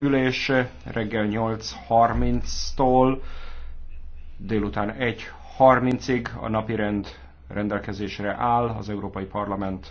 ülés eh, reggel 8.30-tól délután 1.30-ig a napi rend rendelkezésre áll az Európai Parlament